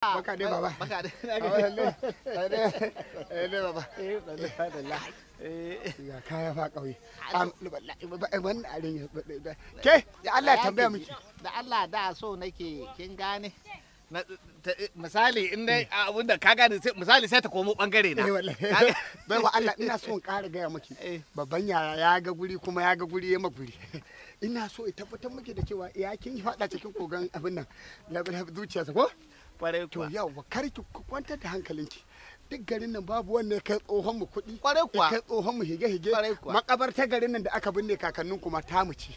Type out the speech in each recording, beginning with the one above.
Baka dai baba. Baka dai. Eh, lalle baba. Eh wallahi. Eh. Ga kaya fa kauye. Wannan arin ya ke da Allah tambaya miki. Da Allah da so nake kin gane. Eh, misali in dai hmm. abin da ka gane misali sai ta komo bangare na bai wa Allah ina so in ƙara gaya miki babban yara ya ga guri kuma ya ga guri ya maguri ina so in tabbatar miki da cewa ya kin faɗa cikin kogan abin nan zuciyarsa ko kwarai kuwa to yawa kar ki kwantar da hankalinki duk garin nan babu wanne kai tsohon mu kuɗi kwarai kuwa kai tsohon mu hige hige makabarta garin nan da aka binne kakannin kuma ta mu ce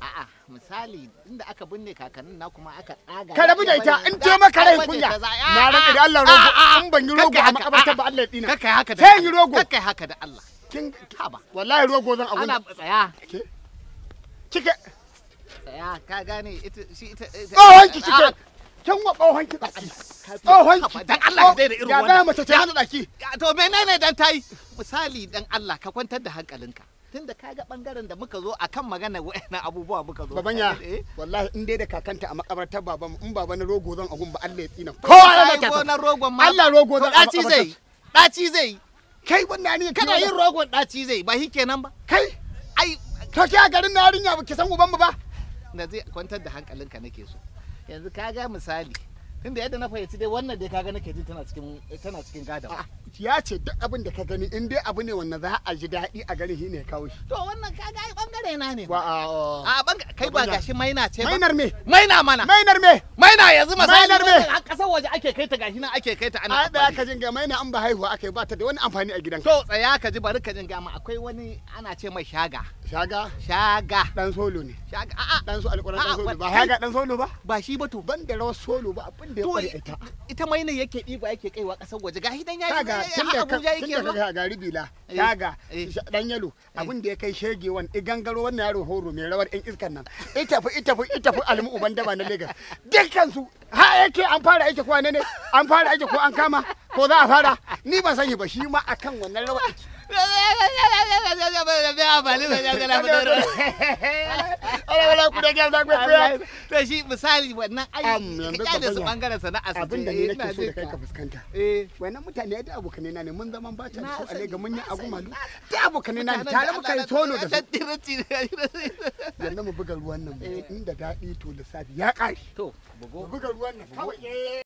a'a misali inda aka binne kakannin na kuma aka tsaga ka rabu da ita in je maka rai kunya na rage da Allah rogo in ban yi rogo a makabarta ba Allah dina kai haka da sai yi rogo kai haka da Allah kin ba wallahi rogo zan abun ana tsaya kike tsaya ka gane ita shi ita oh wanki kike kin wa tsohon ki tsaki tsohon ki dan Allah ka daina irin wannan ya da mace ta hana tsaki to menene dan tayi misali dan Allah ka kwantar da hankalinka tunda ka ga bangaren da muka zo akan magana wa'annan abubuwa muka zo babanya eh? wallahi in dai da kakanta a makabartar baban in baba na rogo zan agun ba Allah ya tsina kowa ya mata Allah rogo zan daci zai daci zai kai wannan ne kana yin rogon daci zai ba shikenan ba kai ai ka ga garin na yarinya ba ki san uban mu ba na zai kwantar da hankalinka nake so yanzu kaga misali tunda yadda na fahimci dai wannan dai kaga nake ji tana cikin tana cikin ah, ya ce duk abin da ka gani in dai abu ne wanda za a ji daɗi a gari ne kawo to wannan kaga ai bangare na ne. A ah, oh. a ban kai ba gashi maina ce ba. Mainar me? Maina mana. Mainar me? Maina yanzu misali. Mainar me? A kasar waje ake kai ta gashi nan ake kai ta ana. Ai da ka jinga maina an ba haihuwa akai ba ta da wani amfani a gidan. To tsaya ka ji bari ka jinga ma akwai wani ana ce mai shaga. Shaga? Shaga. Dan solo ne. Shaga a a Dan so alƙur'an dan solo ba shaga dan solo ba. Ba shi ba to. Ban da rawar solo ba abin da ya bari ita. Ita maina yake diba yake kaiwa kasar waje gashi dan yayi. Kaga tun da ka ga ribila. taga dan yalo abin da ya kai shege wan igangaro wannan yaro horo mai rawar yan iskan nan ita fi ita fi ita fi almu uban daba na Lagos dukkan su ha yake an fara yake ko ne an fara yake ko an kama ko za a fara ni ba sani ba shi ma akan wannan rawar aiki wallahi ku da gyara to shi misali wannan ai ka da su bangaren sana'a su abin da ni eh, nake so da kai ka fuskanta eh wannan mutane da abokanai na ne mun zaman bacha da su a ga mun yi abu malu da abokanai na ne tare muka yi tono da su yanzu mu buga ruwan nan eh. inda daɗi to lissafi ya ƙare to buga ruwan nan kawai